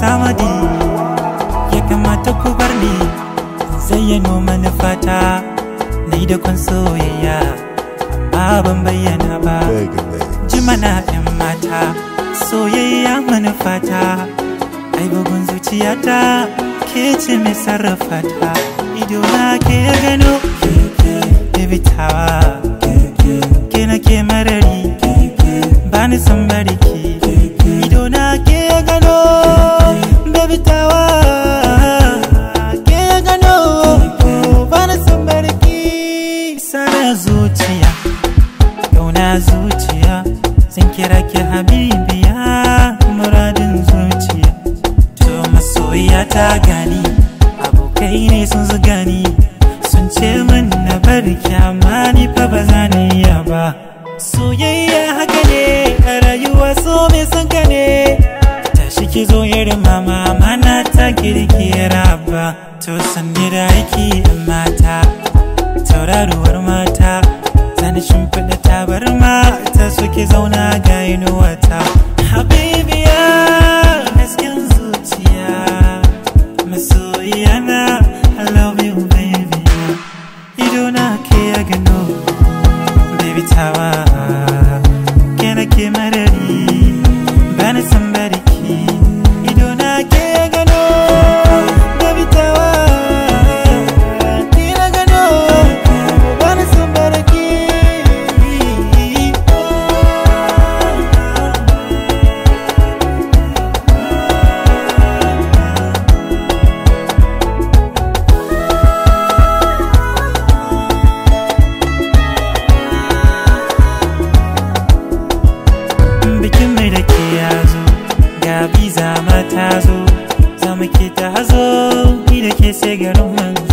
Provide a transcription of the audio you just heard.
samadi ya kamata ku bar ni zayyano manufata na yi da kun soyayya ba ban bayyana ba na yan mata soyayya manufata ai zuciyata ke ce mai sarrafa ta ido na ke gano ke bitawa ke na ke marari ba ni san bariki rake habibiya muradin zuciya to masoyiya ta gani abokai ne sun gani ni sun ce min na bar kyama ni fa ba za ni iya ba soyayya haka ne a rayuwa so mai son ka ne tashi ki zo irin mama mana ta kirkira ba to sanni da aiki mata tauraruwar mata ni shimfiɗa tabarma ta suke zauna ga inuwata habibiya gasken zuciya masoyiya na I love you baby ido na ke ya gano baby tawa ki ta hazo ki da ke sai garin manzo